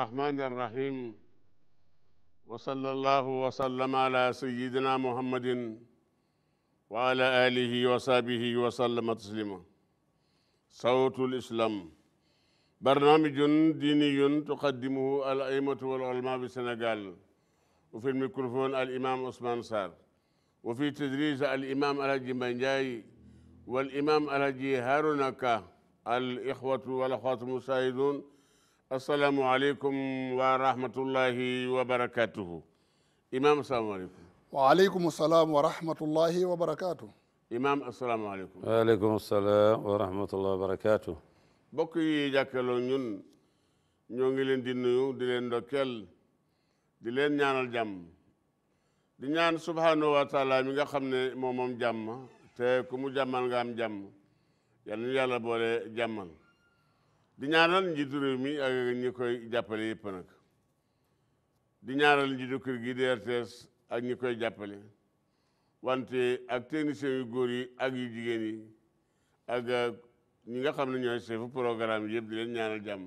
الرحمن الرحيم وصلى الله وسلم على سيدنا محمد وعلى آله وصحبه وسلم تسليما صوت الإسلام برنامج ديني تقدمه الأئمة والعلماء بالسنغال وفي الميكروفون الإمام عثمان سار وفي تدريس الإمام الهجي بنجاي والإمام الهجي هارونكا الإخوة والأخوات المساعدون asalaamualeykum wa rahmatullahi wa barakatuhu imaam asalaamaaleykum waaleykum salaam wa rahmatullahi wa barakatuh imaam asalaamaaleykum waaleykum salaam wa rahmatullahi wa barakatuh bokk yi jàkkaloo ñun ñoo ngi leen di nuyu di leen ndokkeel di leen ñaanal jàmm di ñaan subhanahu wa taala mi nga xam ne moom moom jàmm te ku mu jàmmal nga am jàmm yal na yàlla boole jàmmal di ñaanal njiitu réew mi ak ñi koy jàppale yëpp nag di ñaanal njiitu kër gi di RTS ak ñi koy jàppale wante ak techniciens yu góor yi ak yu jigéen yi ak ñi nga xam ne ñooy chef programme yëpp di leen ñaanal jàmm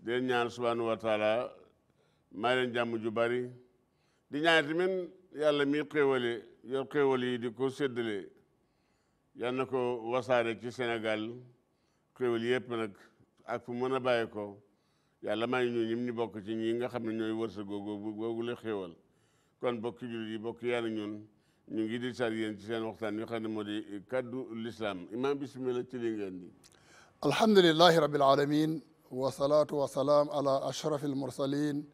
di leen ñaan subhanahu wa may leen jàmm ju bari di ñaan tamit yàlla mi xéewale yor xéewal yi di ko séddale yal ko wasaare ci Sénégal xéewal yëpp nag ak fu mën a bàyyi ko yàlla may ñu ñim ñu bokk ci ñi nga xam ne ñooy wërsëg googu googu la kon bokki jullit yi bokk yàlla ñun ñu ngi di sar yéen ci seen waxtaan yoo xam ne moo di kaddu l'islam imaam bismillah ci li ngeen di alhamdulillahi rabbil alamin wa salaatu wa salaam ala ashraf al mursalin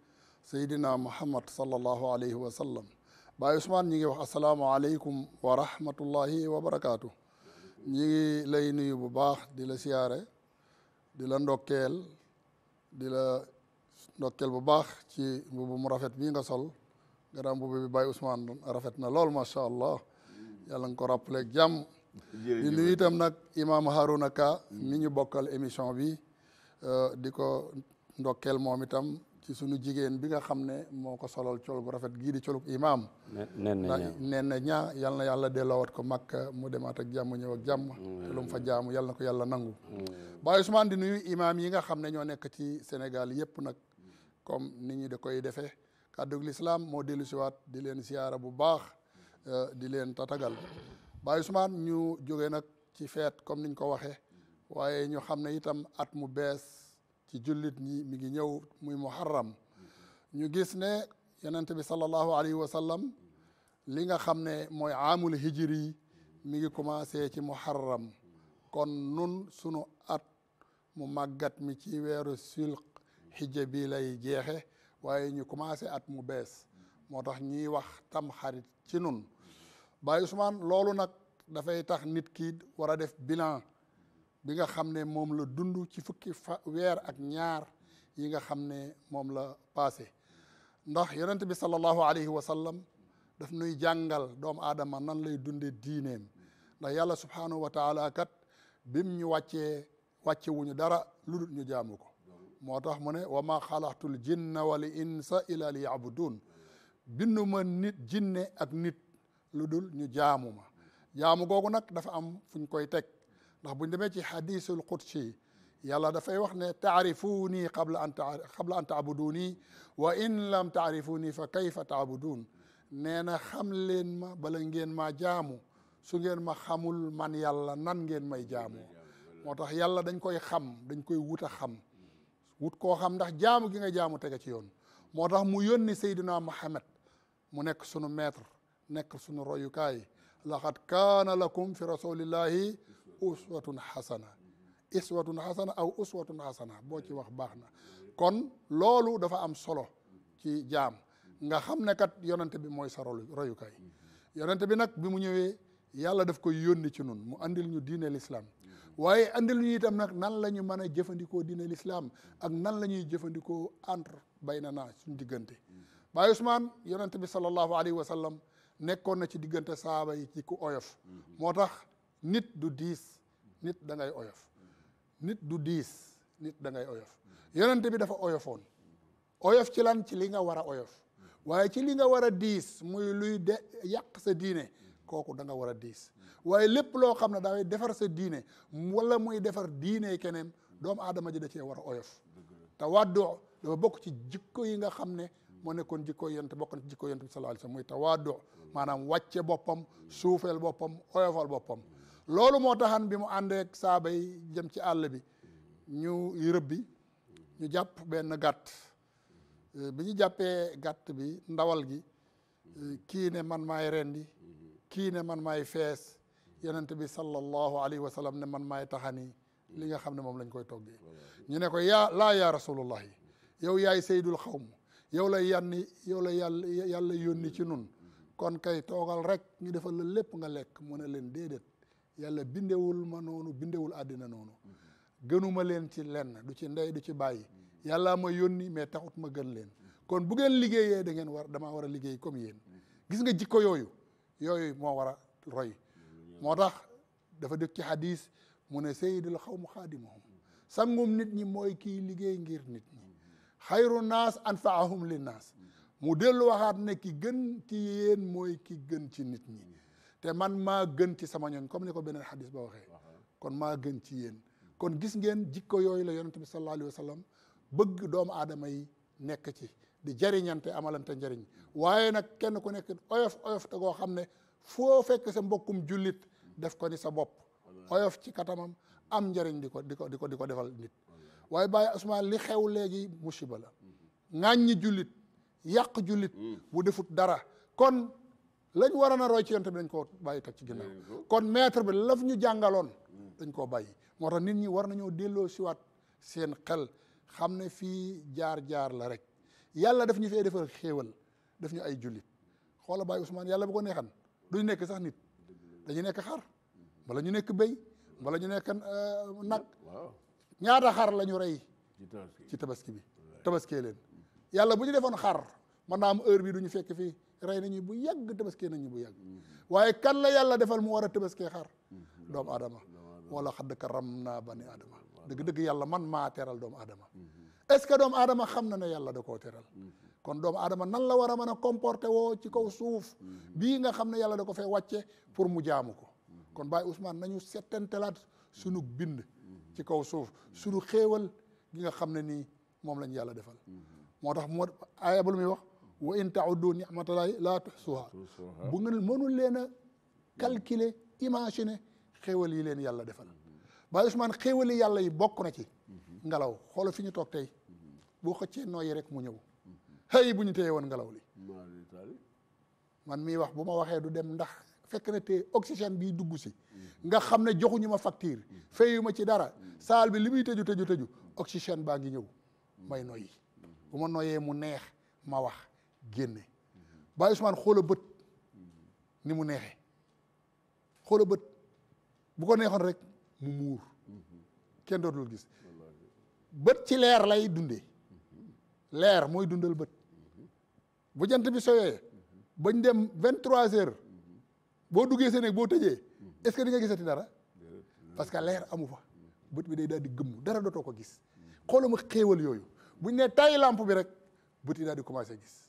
sayidina muhammad sallallahu alayhi wa sallam Baay Ousmane ñi ngi wax asalaamualeykum wa rahmatullahi wa barakaatu ñi ngi lay nuyu bu baax di la siyaare di la ndokkeel di la ndokkeel bu baax ci mbubu mu rafet bii nga sol gannaaw mbubu bi Baye Ousmane rafet na lool macha allah yàlla nga ko rappelé ak jàmm di nuyu itam nag imaam Harouna Ka mi ñu bokkal émission bi euh, di ko ndokkeel moom itam ci suñu jigéen bi nga xam ne moo ko solol col gu rafet gii di colub imaam nen na ñaa yal na yàlla delloowaat ko Makka mu demaat ak jàmm ñëw ak jàmm te fa jaamu yal na ko yàlla nangu Baye Ousmane di nuyu imaam yi nga xam ne ñoo nekk ci Sénégal yëpp nag comme nit ñi da koy defee kàddug lislaam moo dellu siwaat di leen siyaara bu baax euh, di leen tatagal Baye Ousmane ñu jóge nag ci feet comme niñ ko waxee waaye ñu xam ne itam at mu bees ci jullit ñi mi ngi ñëw muy muharram ñu gis ne yonent bi sallallahu alayhi wa sallam li nga xam ne mooy aamul hijri mi ngi commencé ci muharram kon nun sunu at mu màggat mi ci weeru sulq xijja bi lay jeexe waaye ñu commencé at mu bees moo tax ñiy wax tam xarit ci nun Baay Usmaan loolu nag dafay tax nit ki war a def bilan bi nga xam ne moom la dund ci fukki fa weer ak ñaar yi nga xam ne moom la passé ndax yonent bi sallallahu alayhi wa sallam daf nuy jàngal doomu aadama nan lay dundee diineem ndax yàlla subhanahu wa kat bim ñu wàccee wàcce wuñu dara lu dul ñu jaamu ko tax mu ne wa ma xalaqtul jinna wal insa illa li yabudun bindu ma nit jinne ak nit lu dul ñu jaamu ma googu nag dafa am fuñ koy teg ndax buñ demee ci hadisul qudsi yàlla dafay wax ne taarifuuni qabla an qabla an taabuduni wa in lam taarifuuni fa kayfa taabudun nee na xam leen ma bala ngeen ma jaamu su ngeen ma xamul man yàlla nan ngeen may jaamoo moo tax yàlla dañ koy xam dañ koy wut a xam wut koo xam ndax jaamu gi nga jaamu tege ci yoon moo tax mu yónni Seydina Muhammad mu nekk sunu maître nekk sunu royukaay laqad kaana lakum fi rasulillahi uswatun xasana iswatun xasana aw uswatun xasana boo ci wax baax na kon loolu dafa am solo ci jaam nga xam ne kat yonente bi mooy sa rolu royukaay yonente bi nag bi mu ñëwee yàlla daf koy yónni ci nun mu andil ñu diine l'islam waaye andil ñu itam nag nan la ñu mën a jëfandikoo diine l'islam ak nan la ñuy jëfandikoo entre bay na naa suñ diggante Baay Usmaan yonente bi sallallahu alayhi wa sallam nekkoon na ci diggante saaba yi ci ku oyof moo tax nit du diis nit da ngay oyof nit du diis nit da ngay oyof yonente bi dafa oyofoon oyof ci lan ci li nga war a oyof waaye ci li nga war a diis muy luy de yàq sa diine kooku da nga war a diis waaye lépp loo xam ne dafay defar sa diine wala muy defar diine keneen doomu aadama ji da cee war a oyof te wàddu dafa bokk ci jikko yi nga xam ne moo nekkoon jikko yent bokkoon ci jikko yent bi sallallahu alayhi wasallam muy tawaadu maanaam wàcce boppam suufeel boppam oyofal boppam loolu moo taxan bi mu àndeek ak saaba yi jëm ci àll bi ñu bi ñu jàpp benn gàtt euh, bi ñu jàppee gàtt bi ndawal gi euh, kii ne man maay rendi kii ne man maay fees yonent bi sallallahu alayhi wa sallam ne man maay taxani li nga xam ne moom lañ koy toggee ñu ne ko yaa laa yaa rasulullahi yow yaay saydul xawm yow la yanni yow la yàlla yàlla yónni ci nun kon kay toogal rek ñu defal la lépp nga lekk mu ne leen déedéet yàlla bindewul ma noonu bindewul àddina noonu gënuma leen ci lenn du ci ndey du ci bàyyi yàllaa ma yónni mais taxut ma gën leen kon bu ngeen liggéeyee da ngeen war damaa war a liggéey comme yéen gis nga jikko yooyu yooyu moo war a roy moo tax dafa dëkk ci hadis mu ne sayyidul xawmu xaadimuhum sangum nit ñi mooy kii liggéey ngir nit ñi xayru naas anfaahum linnaas mu dellu waxaat ne ki gën ci yéen mooy kii gën ci nit ñi te man maa gën ci sama ñooñ comme ni ko beneen xadis ba waxee kon maa gën ci yéen kon gis ngeen jikko yooyu la yonent bi sallallahu alayhi wa sallam bëgg doomu aadama yi nekk ci di jariñante amalante njariñ waaye nag kenn ku nekk oyof oyof te goo xam ne foo fekk sa mbokkum jullit def ko ni sa bopp oyof ci katamam am njariñ di ko di ko di ko di ko defal nit waaye bàyyi asmaan li xew léegi musiba la mm-hmm. ŋàññi jullit yàq jullit mm. bu defut dara kon lañu waroon a roy ci yonent bi dañ koo bàyyi teg ci ginnaaw kon maître bi laf ñu jàngaloon hmm. dañ koo bàyyi moo tax nit ñi war nañoo delloo siwaat seen xel xam ne fii jaar-jaar la rek yàlla daf ñu fee defal xéewal daf ñu ay jullit xoola Baye Ousmane yàlla bu ko neexan duñ nekk sax nit dañu nekk xar wala ñu nekk béy wala ñu nekk euh, nag ñaata xar la ñu rey ci tabaski bi tabaskee leen yàlla bu ñu defoon xar mën naa am du ñu fekk fii rey nañu bu yàgg kee nañu bu yàgg waaye kan la yàlla defal mu war a tabaskee xar doomu aadama wala xadd karam naa bani aadama dëgg-dëgg yàlla man maa teral doomu aadama est-ce que doomu aadama xam na ne yàlla da koo teral kon doomu aadama nan la war a mën a comporter woo ci kaw suuf bii nga xam ne yàlla da ko fee wàcce pour mu jaamu ko kon Baye Ousmane nañu telaat sunu bind ci kaw suuf sunu xéewal gi nga xam ne nii moom lañ yàlla defal moo tax moo aaya ba lu muy wax wa in tauddu ni'matallahi laa tuhsuha bu ngeen mënul leen a calculer imaginer xéewal yi leen yàlla defal Baay Usmaan xéewali yàlla yi bokk na ci ngelaw xoola fi ñu toog tey boo xëccee nooyi rek mu ñëw xëy bu ñu téye woon ngelaw li man mii wax bu ma waxee du dem ndax fekk na te oxygène bii dugg si nga xam ne joxuñu ma facture fayu ci dara saal bi li muy tëju tëju tëju oxygène baa ngi ñëw may noyyi bu ma noyee mu neex ma wax génne Baye Ousmane xoola bët ni mu neexee xoola bët bu ko neexoon rek mu muur kenn dootul gis bët ci leer lay dundee leer mooy dundal bët bu jant bi soyee bañ dem vingt trois heures boo duggee sa boo tëjee est-ce que di nga gisati dara parce que leer amu fa bët bi day daal di gëmm dara dootoo ko gis xoola ma xéewal yooyu buñ ne tay làmp bi rek bët yi daal di commencé gis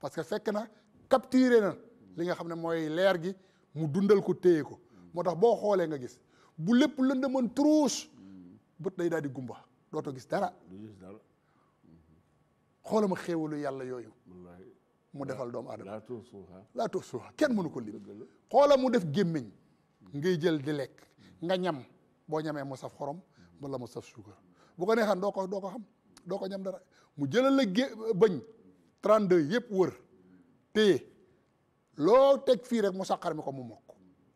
parce que fekk na capturé na li nga xam ne mooy leer gi mu dundal ko téye ko moo tax boo xoolee nga gis bu lépp lëndëmën truus bët day daal di gumba dooto gis dara xoola ma xéewalu yàlla yooyu mu defal doomu aadama laa too suuxa kenn mënu ko lim xoola mu def gémmiñ ngay jël di lekk nga ñam boo ñamee mu saf xorom wala mu saf suukar bu ko neexan doo ko doo ko xam doo ko ñam dara mu jëlal la gé bëñ 32 yëpp wër téye loo teg fii rek mu saqar mi ko mu mokk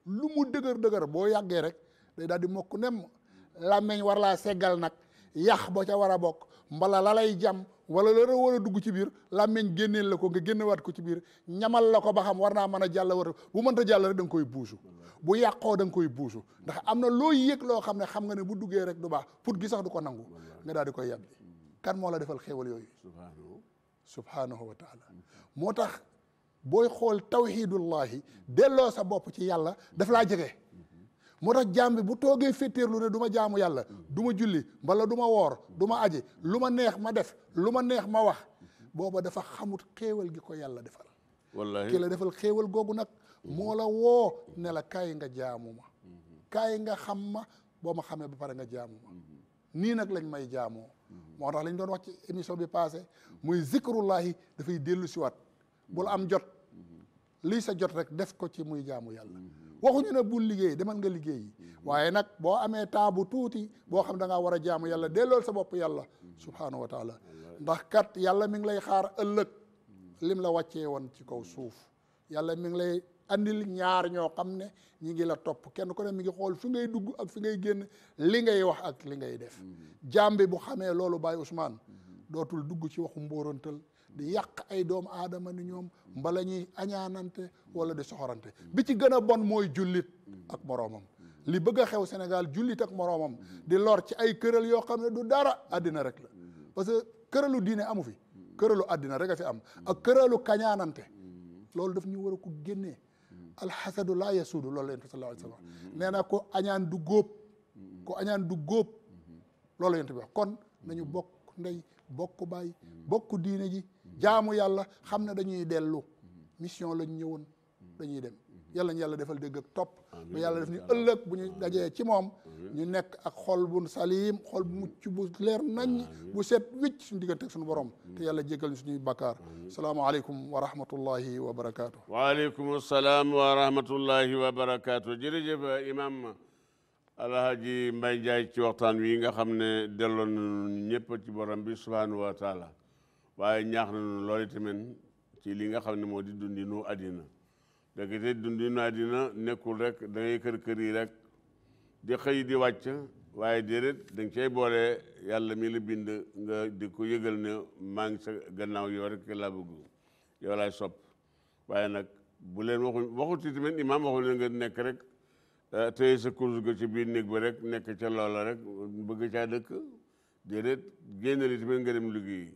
lu mu dëgër dëgër boo yàggee rek day daal di mokk nem làmmeñ war laa seggal nag yax boo ca war a bokk mbala la lay jam wala la war a dugg ci biir làmmeñ génneel la ko nga génnewaat ko ci biir ñamal la ko ba xam war naa mën a jàll war bu mënta jàll rek da nga buusu bu yàqoo da nga koy buusu ndax am na loo yëg loo xam ne xam nga ne bu duggee rek du baax pour gi sax ko nangu nga daal di koy yàbbi kan moo la defal xéewal yooyu subhaanahu wa taala moo tax booy xool tawxidullahi delloo sa bopp ci yàlla def laa jege. moo tax jaam bu toogee féeteerlu ne du ma jaamu yàlla duma julli mbala duma woor du ma aji lu ma neex ma def lu ma neex ma wax booba dafa xamut xéewal gi ko yàlla defal wallaahi ki la defal xéewal googu nag moo la woo ne la kaay nga jaamu ma mhm. kaay nga xam ma boo ma xamee ba pare nga jaamu mhm. nii nag lañ may jaamoo moo tax lañu doon wax ci émission bi passé muy zikrullahi dafay dellu siwaat bul am jot lii sa jot rek def ko ci muy jaamu yàlla waxuñu ne bul liggéey demal nga liggéey waaye nag boo amee temps bu tuuti boo xam da ngaa war a jaamu yàlla delloo sa bopp yàlla subhaanahu wa taala ndax kat yàlla mi ngi lay xaar ëllëg lim la wàccee woon ci kaw suuf yàlla mi ngi lay andil ñaar ñoo xam ne ñi ngi la topp kenn ku ne mi ngi xool fu ngay dugg ak fu ngay génn li ngay wax ak li ngay def mm-hmm. jaam bi bu xamee loolu bàyyi Baye Ousmane dootul dugg ci waxu mbóorantal di yàq ay doomu aadama ni ñoom mbala ñuy añaanante wala di soxorante bi ci gën a bon mooy jullit ak moroomam li bëgg a xew Sénégal jullit ak moroomam di lor ci ay këral yoo xam ne du dara àddina rek la parce que këralu diine amu fi këralu àddina rek a fi am ak këralu kañaanante mm-hmm. loolu daf ñu war a ko génnee alxasadu laa yasuudu loolu la yonent bi sallallahu alayhi wa sallam nee na ko añaan du góob ko añaan du góob loolu la yonent bi wax kon nañu bokk ndey bokk baay bokk diine ji jaamu yàlla xam ne dañuy dellu mission lañ ñëwoon dañuy dem yàlla ñu yàlla defal dégg ak topp ba yàlla def ñu ëllëg bu ñu dajee ci moom ñu nekk ak xol bu salim xol bu mucc bu leer nañ bu set wicc suñu diggante ak suñu borom te yàlla jégal suñuy bakkaar salaamaaleykum wa rahmatullahi wa barakaatu salaam wa rahmatullahi wa barakaatu jërëjëf imam alhaji Mbaye Ndiaye ci waxtaan wi nga xam ne delloon ñëpp ci borom bi subhanahu wa taala waaye ñaax ci li nga xam ne moo di dundinu àddina dëgg te dundinu àddina nekkul rek da kër kër yi rek di xëy di wàcc waaye déedéet danga cay boole yàlla mi la bind nga di ko yëgal ne maa sa gannaaw yoo rek laa bëgg yow laay sopp waaye nag bu leen waxu waxuti tamit imaam waxu leen nga nekk rek eh, téye sa kurus ga ci biir néeg ba rek nekk ca loola rek bëgg caa dëkk déedéet génne li tamit nga dem liggéey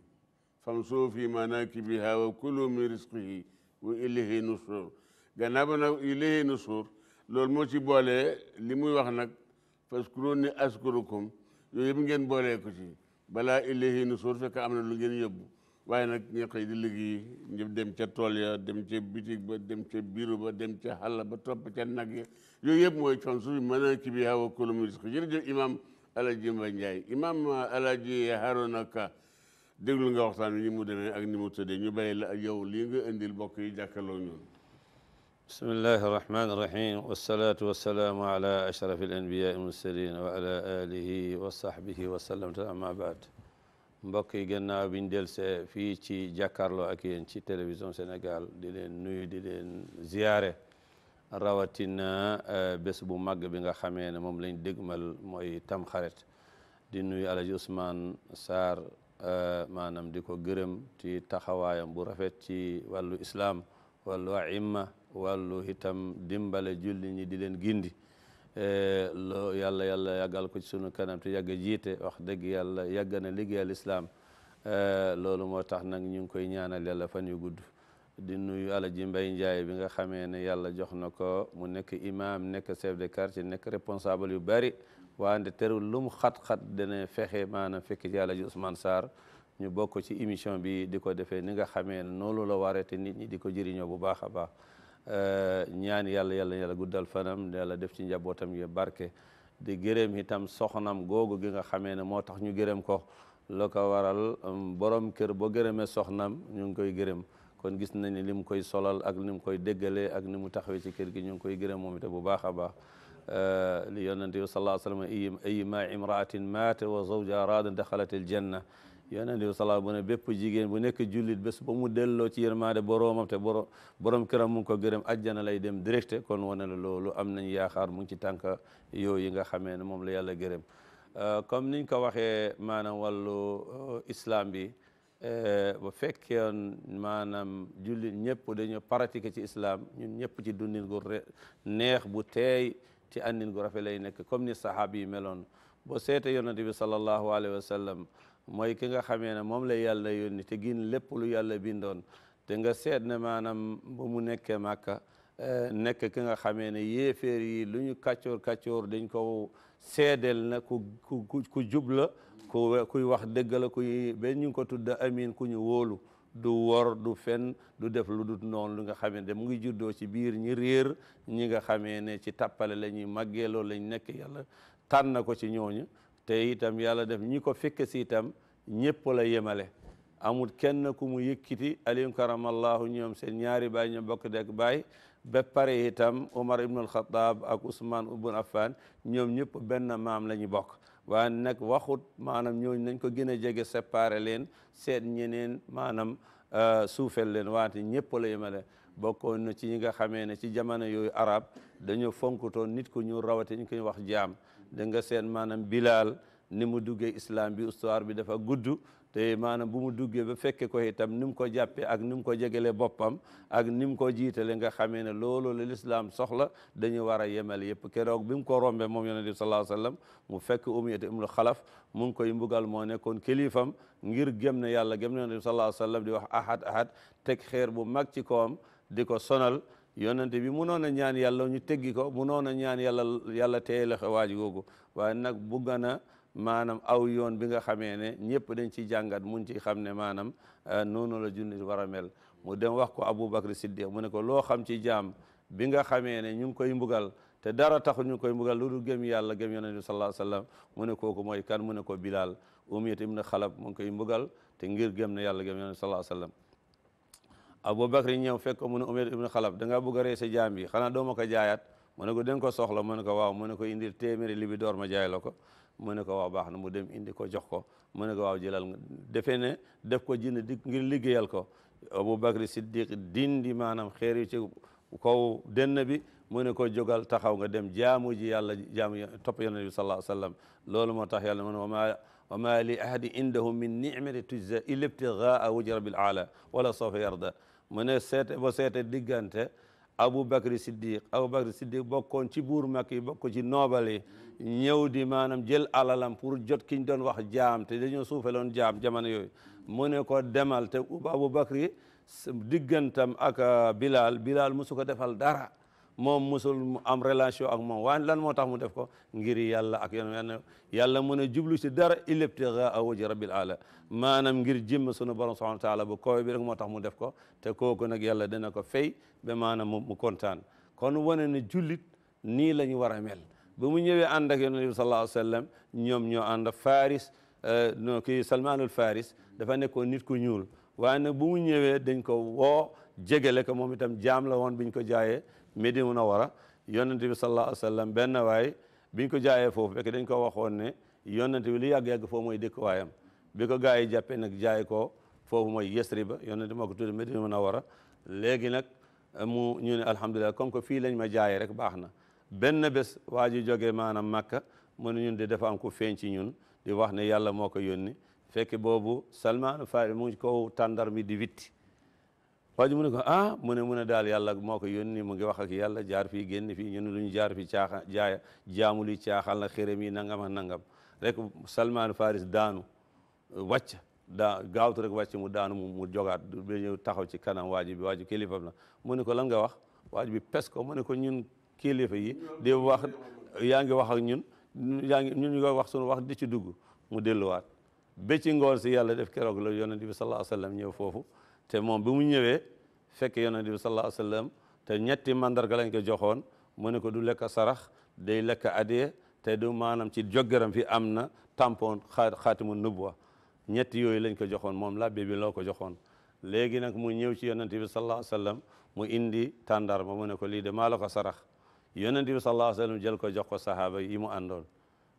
famshu fii manaakibihaa wa kulu min rizqihi wa ilayhi nushur gannaaw ba nag ilayhi nushur loolu moo ci boolee li muy wax nag faskuruni askurukum yooyu yëpp ngeen booleeku ci balaa ilayhi nusur fekk am na lu ngeen yóbbu waaye nag ña yi di liggéey ñëpp dem ca tool ya dem ca bitig ba dem ca biiru ba dem ca xàll ba topp ca nag ya yooyu yëpp mooy con suuf mën a ci bi hawa kulumu risqi jërëjëf imam alaji Mba Ndiaye imam alaji Haruna Ka déglu nga waxtaan wi ni mu demee ak ni mu tëddee ñu bàyyi la ak yow lii nga indil mbokk yi jàkkaarloo ñun بسم الله الرحمن الرحيم والصلاة والسلام على أشرف الأنبياء والمرسلين وعلى آله وصحبه وسلم أما بعد mbokk yi gannaaw bi ñu delse fii ci jàkkaarloo ak yéen ci télévision Sénégal di leen nuyu di leen ziyaare rawatina euh, bés bu màgg bi nga xamee ne moom lañ dégmal mooy tamxarit di nuyu Alaji Ousmane Sarr euh, maanaam di ko gërëm ci taxawaayam bu rafet ci wàllu islaam wàllu aima wàllu itam dimbale julli ñi di leen gindi e, loo yàlla yàlla yàggal ko ci sunu kanam te yàgg jiite wax dëgg yàlla yàgg na liggéeyal islaam e, loolu moo tax nag ñu ngi koy ñaanal yàlla fan yu gudd di nuyu Alaji Mbay Njaay bi nga xamee ne yàlla jox na ko mu nekk imam nekk chef de quartier nekk responsable yu bari waande terul lu mu xat-xat dana fexe maanaam fekk ci ji Ousmane Sarr ñu bokko ci émission bi di ko defee ni nga xamee ne noonu la waree te nit ñi di ko jëriñoo bu baax a baax Euh, ñaan yàlla yàlla yàlla guddal fanam yàlla def ci njabootam yi barke di gërëm itam soxnam googu gi nga xamee ne moo tax ñu gërëm ko la ko waral um, borom kër boo gërëmee soxnam ñu ngi koy gërëm kon gis nañ ne li mu koy solal ak ni mu koy déggalee ak ni mu taxawee ci kër gi ñu ngi koy gërëm moom bu baax a baax euh, li yonente bi sallallahu alayhi wa ay ma imraatin maate wa zawja araada daxalat al yonent bi sallallahu alayhi ne bépp jigéen bu nekk jullit bés ba mu delloo ci yërmaande boroomam te boro borom këram mu ko gërëm ajjana lay dem direct kon wane la loolu am nañ yaakaar mu ngi ci tànk yooyu yi nga xamee ne moom la yàlla gërëm euh, comme niñ ko waxee maanaam wàllu euh, islam bi euh, bu fekkee maanaam jullit ñëpp dañoo pratiquer ci islam ñun ñëpp ci dundin gu neex bu teey ci andin gu rafet lay nekk comme ni sahaaba yi meloon boo seete yonent bi sallallahu alayhi wa sallam mooy ki nga xamee ne moom la yàlla yónni te gin lépp lu yàlla bindoon te nga seet ne maanaam ba mu nekkee màkka eh, nekk ki nga xamee ne yéeféer yi lu ñu kàccoor kàccoor dañ ko seedeel na ku ku ku jub la kuy wax dëggala la kuy ben ñu ko tudda amin ku ñu woolu du wor du fen du def lu dut noonu lu nga xamee ne mu ngi juddoo ci biir ñi réer ñi nga xamee ne ci tappale la ñuy màggee loolu lañ nekk yàlla tànn ko ci ñooñu te itam yàlla def ñi ko fekke si itam ñëpp la yemale amul kenn ku mu yëkkiti aliyum karamallahu ñoom seen ñaari baay ñoom bokk dek baay ba pare itam Umar ibn al-Khattab ak Usman ibn Affan ñoom ñëpp benn maam la ñu bokk waaye nag waxut maanaam ñooñu nañ ko gën a jege séparé leen seet ñeneen maanaam euh, suufel leen waante ñëpp la yemale bokkoon na ci ñi nga xamee ne ci jamono yooyu arab dañoo fonkutoon nit ku ñu rawate ñu koy wax jaam da nga seen maanaam bilaal ni mu duggee islam bi histoire bi dafa gudd te maanaam bu mu duggee ba fekke ko itam ni mu ko jàppee ak ni mu ko jegelee boppam ak ni mu ko jiitale nga xamee ne loolu la lislaam soxla dañu war a yemal yëpp keroog bi mu ko rombe moom yonent bi sallallahu alayhi wasallam mu fekk umiyata ibnu xalaf mu ngi koy mbugal moo nekkoon kilifam ngir gëm ne yàlla gëm ne yonent bi sallallahu alayhi di wax ahad ahad teg xeer bu mag ci kawam di ko sonal yonante bi munoon a ñaan yàlla ñu teggi ko munoon a ñaan yàlla yàlla teye la xewaaji googu nag bugg na maanaam aw yoon bi nga xamee ne ñëpp dañ ci jàngat mun ci xam ne maanaam euh, noonu la jullit war a mel mu dem wax ko Aboubacar Siddiq mu ne ko loo xam ci jaam bi nga xamee ne ñu ngi koy mbugal te dara taxul ñu ngi koy mbugal lu dul gëm yàlla gëm yonent bi sallallahu alayhi wasallam mu ne kooku mooy kan mu ne ko Bilal Umiyat ibn Xalab mu ngi koy mbugal te ngir gëm ne yàlla gëm yonent bi sallallahu alayhi Abubakar ñëw fekk mu ne Umayr ibn Xalaf da ngaa bëgg a rey sa jaam bi xanaa doo ma ko ko dem ko soxla mu ne ko waaw mu ne ko indil téeméeri li bi door ma jaay la ko mu ne ko waaw baax na mu dem indi ko jox ko mu ne ko waaw jëlal nga defe ne def ko jënd di ngir liggéeyal ko Abubakar Siddiq dindi maanaam xeer yu ci kaw denn bi mu ne ko jogal taxaw nga dem jaamu ji yàlla jaamu topp yonent bi sallallahu alayhi wa loolu moo tax yàlla mu ne wama wama li ahadi indahu min nicmati tujza illa ibtigaa wajhi rabbil aala wala sawfa yarda mu ne seete ba seete diggante abu Siddiq Aboubacry Siddiq bokkoon ci buur mag yi bokk ci noobal yi ñëw di maanaam jël alalam pour jot kiñ doon wax jaam te dañoo suufeloon jaam jamono yooyu mu ne ko demal te Aboubacry diggantam ak Bilal Bilal musu ko defal dara moom musul am relation ak moom waaye lan moo tax mu def ko ngir yàlla ak yoon yàlla mën a jublu si dara ilibtigaa wajhi rabbil maanaam ngir jëmm sunu borom subhanahu wa taala bi rek moo tax mu def ko te kooku nag yàlla dina ko fay ba maanaam mu kontaan kon wane ne jullit nii la ñu war a mel ba mu ñëwee ànd ak yonent bi sallallahu ñoom ñoo ànd Faris eh, no kii Salmaanul Faris dafa nekkoon nit ku ñuul waaye nag bu mu ñëwee dañ ko woo jegele ko moom itam jaam la woon biñ ko jaayee Medina Munawara yonent bi sallallahu alayhi wa sallam benn waay biñ ko jaayee foofu fekk dañ ko waxoon ne yonent bi lu yàgg-yàgg foofu mooy dëkkuwaayam bi ko gaa yi jàppee nag jaay ko foofu mooy Yesriba yonent moo ko tudde Medina Munawara léegi nag mu ñu ne alhamdulilah comme que fii lañ ma jaayee rek baax na benn bés waa ji jógee maanaam Makka mu ne ñun de dafa am ku feeñ ci ñun di wax ne yàlla moo ko yónni fekk boobu Salmaanu Faari mu ngi ko tàndar mi di witti waa ji mu ne ko ah mu ne mu daal yàlla moo ko yónni mu ngi wax ak yàlla jaar fii génn fii ñun lu ñu jaar fi caaxa jaaya jaamul yi caaxaan la xërëm yi nangam ak nangam rek Salman Faris daanu wàcc daa gaawtu rek wàcc mu daanu mu jogaat ba ñëw taxaw ci kanam waa ji bi waa ji la mu ne ko lan nga wax waa ji bi pes ko mu ne ko ñun kilifa yi di wax yaa ngi wax ak ñun yaa ngi ñun ñu koy wax sunu wax di ci dugg mu delluwaat be ci ngoon si yàlla def keroog la yonent bi sallallahu alayhi wa sallam ñëw foofu te moom bi mu ñëwee fekk yonent bi sallallahu alayhi te ñetti mandarga lañ ko joxoon mu ne ko du lekk sarax day lekk adiye te du maanaam ci joggaram fi am na tampon xaa xaatimu nubuwa ñetti yooyu lañ ko joxoon moom la bi loo ko joxoon léegi nag mu ñëw ci yonent bi sallallahu alayhi sallam mu indi tàndarma mu ne ko lii de maa la ko sarax yonent bi sallallahu alayhi wa jël ko jox ko sahaaba yi mu àndoon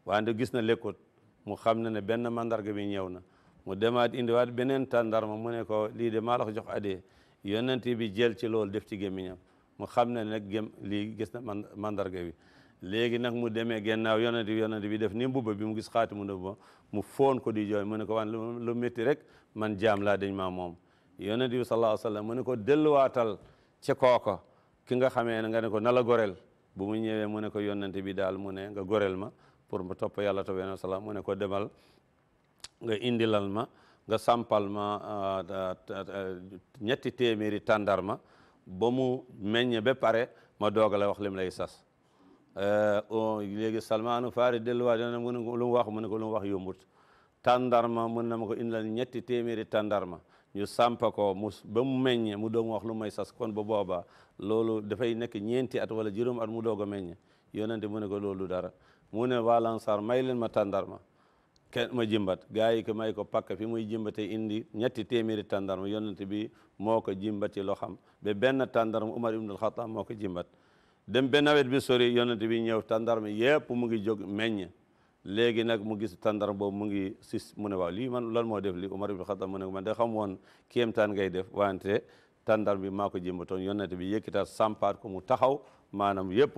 wante gis na lekkut mu xam ne ne benn mandarga bi ñëw na mu demaat indiwaat beneen tàndarma ma ne ko lii de maa la ko jox adee yonent bi jël ci loolu def ci gémmiñam mu xam ne nag gém lii gis na mandarga bi léegi nag mu demee gennaaw yonent bi bi def ni mbubba bi mu gis xaati mu ndëbba mu foon ko di jooy mu ne ko waan lu métti rek man jaam laa maa moom yonent bi sallallahu alayhi wa sallam ne ko delluwaatal ci kooko ki nga xamee ne nga ne ko na la gorel bu mu ñëwee mu ne ko yonent bi daal mu ne nga gorel ma pour mu topp yàlla topp yonent salaam mu ne ko demal nga indilal ma nga sampal ma ah, ñetti téeméeri ma ba mu meññe ba pare ma doog la wax lim la sas eh, oh, léegi salmaanu faari delluwaa dina mu ne ko lu mu wax mu ne ko lu mu wax yombut tàndarma mën na ma ko indilal ñetti téeméeri tàndarma ñu sampa ko mu ba mu meññe mu doog wax lu may sas kon ba boobaa loolu dafay nekk ñeenti at wala juróom at mu doog a meññe yonente mu mune ko loolu dara mu ne waa Ansaar may leen ma tàndarma kenn ma jimbat gaa yi ma may ko pakk fi muy jimbate indi ñetti téeméeri tàndarma yonent bi moo ko jimbat ci loxam ba benn tàndarma Umar ibn al-Khattab moo ko jimbat dem ba nawet bi sori yonent bi ñëw tàndarma yépp mu ngi jóg meññ léegi nag mu gis tàndarma boobu mu ngi sis mu ne waaw lii man lan moo def li Umar ibn al-Khattab mu ne man de xam woon kéemtaan ngay def wante tàndarma bi maa ko jimbatoon yonent bi yëkkitaat sampaat ko mu taxaw maanaam yépp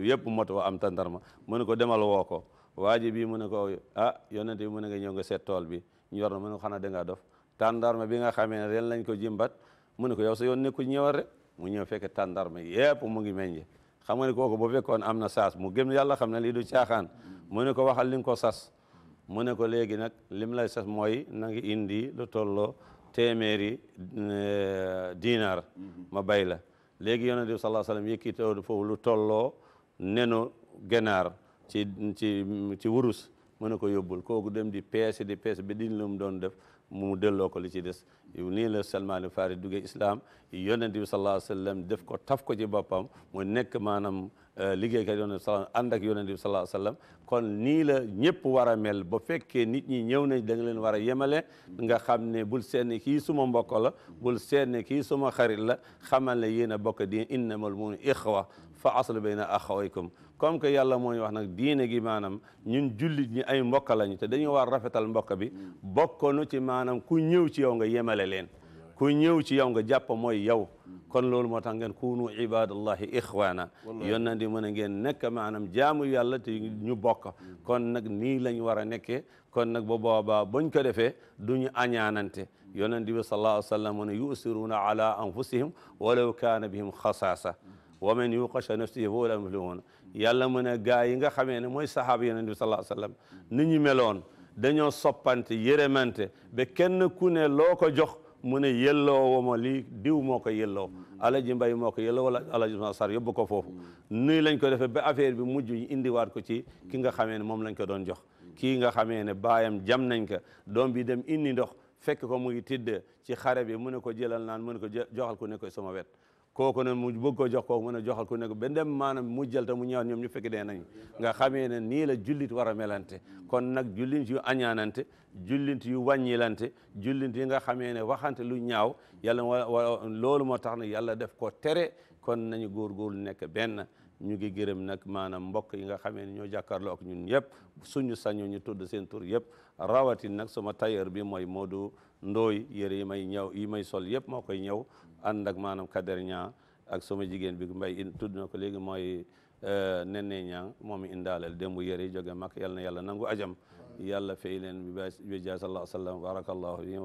yépp moto am tàndarma mu ne ko demal ko waaji bi mu ne ko ah yonent bi mu ne nga ñëw nga seet tool bi ñor na mu ne ko xanaa dangaa dof tàndarma bi nga xamee ne ren lañ ko jimbat mu ne ko yow sa yoon nekku ñëwal rek mu ñëw fekk tàndarma yépp mu ngi meññe xam nga ne ko kooku bu fekkoon am na saas mu gëm yàlla xam ne lii du caaxaan mu ne ko waxal li nga ko sas mu ne ko léegi nag lim lay sas mooy na ngi indi lu tolloo téeméeri eh, diinaar ma bay la léegi yonent bi sallallahu alayhi wasallam yëkkitoo foofu lu tolloo nenu ganaar ci ci ci wurus mën na ko yóbbul kooku dem di peese di peese ba din la doon def mu delloo ko li ci des nii la Salmaan al duggee islam yonent bi sallallahu alayhi def ko taf ko ci boppam mu nekk maanaam euh, liggéeykat yonent bi sallallahu ànd ak yonent bi sallallahu sallam kon nii la ñëpp war a mel ba fekkee nit ñi ñëw nañ da leen war a yemale nga xam ne bul seetne kii suma mbokk la bul seetne kii suma xarit la xamal ne yéen a bokk di innamal mu'minuuna ixwa fa aslu bayna axawaykum kom que yàlla mooy wax nag diine gi maanaam ñun jullit ñi ay mbokk lañu te dañu war rafetal mbokk bi bokkonu ci maanaam ku ñëw ci yow nga yemale leen ku ñëw ci yow nga jàpp mooy yow kon loolu moo tax ngeen kunu ibadallahi ixwaana yon nan di mën a ngeen nekk maanaam jaamu yàlla te ñu bokk kon nag nii lañ war a nekkee kon nag bo boobaa buñ ko defee du ñu añaanante yonent bi sallallahu alayhi wa sallam mu ne yusiruuna ala anfusihim walaw kaana bihim xasaasa wa man yuqasha nafsihi fa ulaaika muflixuun yàlla mu ne gaa yi nga xamee ne mooy sahaaba yonent bi sallallahu alayhi wa sallam ni ñu meloon dañoo soppante yërëmante ba kenn ku ne loo ko jox mu ne yelloo wa diw moo ko yelloo alaji mbay moo ko yelloo wala alaji sar yóbbu ko foofu nii lañ ko defee ba affaire bi mujj ñu indiwaat ko ci ki nga xamee ne moom lañ ko doon jox kii nga xamee ne baayam jam nañ ko doom bi dem indi ndox fekk ko mu ngi tidd ci xare bi mu ne ko jëlal naan mu ne ko joxal ku ne koy sama kooku ne mu bëgg koo jox kooku mën a joxal ku nekk ba dem maanaam mujjal te mu ñëwaat ñoom ñu fekk nga xamee ne nii la jullit war melante kon nag jullit yu añaanante jullit yu wàññilante jullit yi nga xamee ne waxante lu ñaaw yàlla wa loolu moo tax nag yàlla def ko tere kon nañu góorgóorlu nekk benn ñu ngi gërëm nag maanaam mbokk yi nga xamee ne ñoo jàkkaarloo ak ñun yëpp suñu sañoo ñu tudd seen tur yëpp rawatin nag sama tailleur bi mooy Modou Ndoye yére yi may ñëw yi may sol yëpp moo koy ñëw ànd ak maanaam kader ñaa ak sama jigéen bi mbay tudd na ko léegi mooy euh, nenne ñaa moom indaalal démb yëre jóge mag yal na yàlla nangu ajam yàlla fay leen bi jaay sallallahu alayhi wa sallam barakallahu fi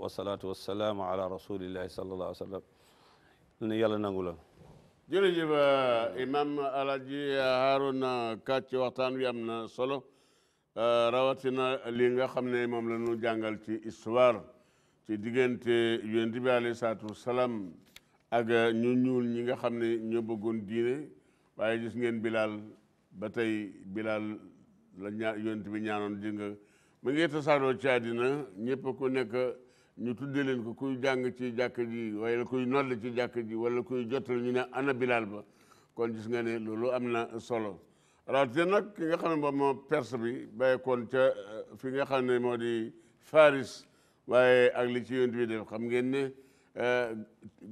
wasalaatu wasalaamu ala rasulillahi sallallahu alayhi wa sallam ne yàlla nangu la jërëjëf euh, imam alaji Haaruna Kàcc waxtaan wi am na solo euh, rawatina li nga xam ne moom la ñu jàngal ci histoire ci diggante yonent bi alayhi salaatu wasalaam ak ñu ñuul ñi nga xam ne ñoo bëggoon diine waaye gis ngeen bilaal ba tey bilaal la ñaa yonent bi ñaanoon di nga mu ngi tasaaroo ci àddina ñëpp ku nekk ñu tuddee leen ko kuy jàng ci jàkk ji wala kuy nodd ci jàkk ji wala kuy jottali ñu ne ana bilaal ba kon gis nga ne loolu am na solo rawatina nag ki nga xam ne moom moo perse bi bàyyeekoon ca fi nga xam ne moo di faris waaye ak li ci yonent bi def xam ngeen ne eh,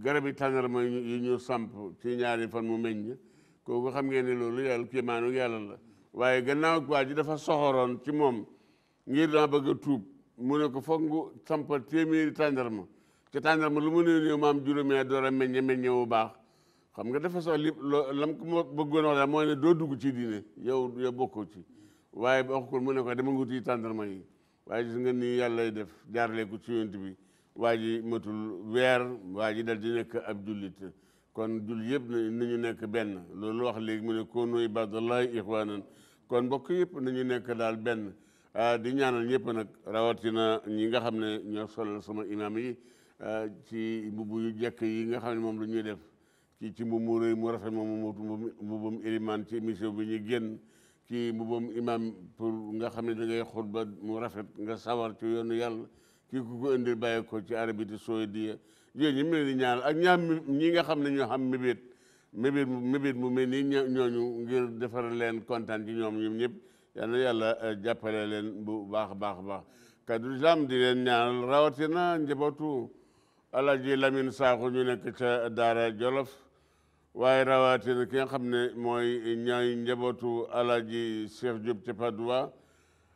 garabi tàndarma yi ñu samp ci ñaari fan mu meññ kooku xam ngeen ne loolu yàlla kéemaanu yàlla la waaye gannaaw waa ji dafa soxoroon ci moom ngir dama bëgg a mu ne ko foog ngu samp téeméeri tàndarma te tàndarma lu mu néew maam juróomee door a meññe meññe bu baax xam nga dafa sox li lam ko bëggoon wax daal mooy ne doo dugg ci diine yow yow bokkoo ci waaye ba wax ko mu ne ko dama nguti tàndarma yi waaye su nga nii yàlla lay def jaarale ko ci yonent bi waa ji matul weer waa ji dal di nekk ab jullit kon jullit yëpp nañu nekk benn loolu wax léegi mu ne ko koonu ibadallahi ixwanan kon mbokk yëpp nañu nekk daal benn ah, di ñaanal ñëpp nag rawatina ñi nga xam ne ñoo solal sama imaam yi ah, ci mbubu yu jekk yi nga xam ne moom la ñuy def ci ci mbubu rëy mu rafet moom mubum ilimaan ci émission bi ñu génn kii mbubbam imam pour nga xam ne da ngay xutba mu rafet nga sawar ci yoonu yàlla kii ku ko indil bàyyi ko ci di sooy diya yooyu ñu ni ñaar ak ñaar ñi nga xam ne ñoo xam mébét mébét mébét mu mel ni ñooñu ngir defar leen kontaan ci ñoom ñoom ñëpp yàlla euh, jàppale leen bu baax a baax a baax kaddu islam di leen ñaanal rawatina njabootu Alaaji Lamin Saaxu ñu nekk ca Daara Jolof waaye rawatina ki nga xam ne mooy ñaay njabootu alaaji Cheikh Diop ca Padoua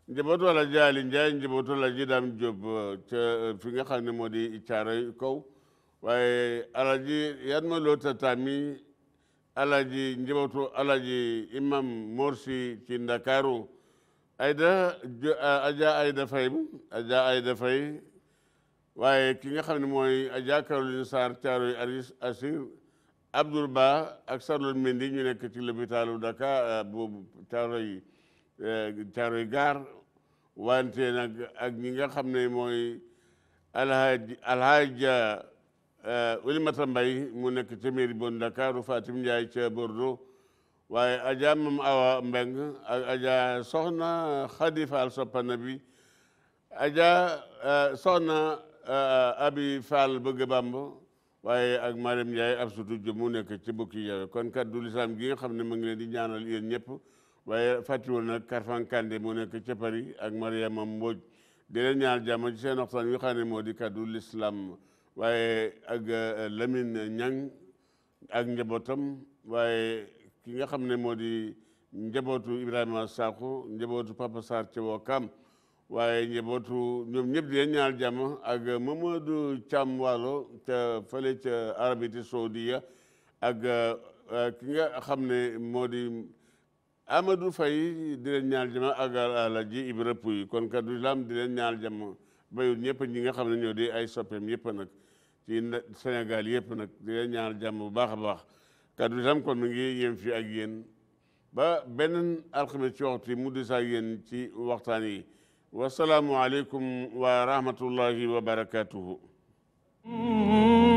njabootu alaaji Ali njabootu alaaji Dame Diop uh, ca uh, fi nga xam ne moo di Caaroy kaw waaye alaaji Yatma Lo Tatami alaaji njabootu alaaji Imam Morsi ci Ndakaaru Ayda uh, Aja Ayda Faye Aja Ayda Faye waaye ki nga xam ne mooy Aja Caroline Sarr Caaroy Aris Abdoul Ba ak Sarlou Mendy ñu nekk ci lopitaalu Dakar euh, boobu Thiaroye euh, Thiaroye Gare wante nag ak ñi nga xam ne mooy alhaaj alhaaja euh, Oulimata Mbaye mu nekk ca mairie bon Dakar Fatim Ndiaye ca Bordeaux waaye Adja Mam Awa Mbeng ak Soxna Khady Fall soppana bi Adja Soxna Abi Fall bëgg Bamba waaye ak Mariam Ndiaye ab sutu jë mu nekk ci bukki yow kon kaddu lislaam gi nga xam ne mu ngi leen di ñaanal yéen ñëpp waaye fàttiwul nag Karfan Kande mu nekk ca Paris ak Mariama Mbodj di leen ñaanal jàmm ci seen waxtaan wi xam ne moo di kaddu lislaam waaye ak euh, Lamine Niang ak njabootam waaye ki nga xam ne moo di njabootu Ibrahima Sakho njabootu Papa Sarr ci Wokam waaye njabootu ñoom ñëpp di leen ñaanal jàmm ak Mamadou Thiam Wallo ca fële ca Arabie Saoudia ak euh, ki nga xam ne moo di Amadou Faye di leen ñaanal jàmm ak Alaaji Ibra Pouy kon kaddu lam di leen ñaanal jàmm bayul ñëpp ñi nga xam ne ñoo di ay soppeem yëpp nag ci Sénégal yëpp nag di leen ñaanal jàmm bu baax a baax kaddu kon mi ngi yem fii ak yéen ba beneen alxames ci waxtu mu des ak yéen ci waxtaan yi. wasalaamualeykum wa rahmatullahi wa barakatuhu mm-hmm.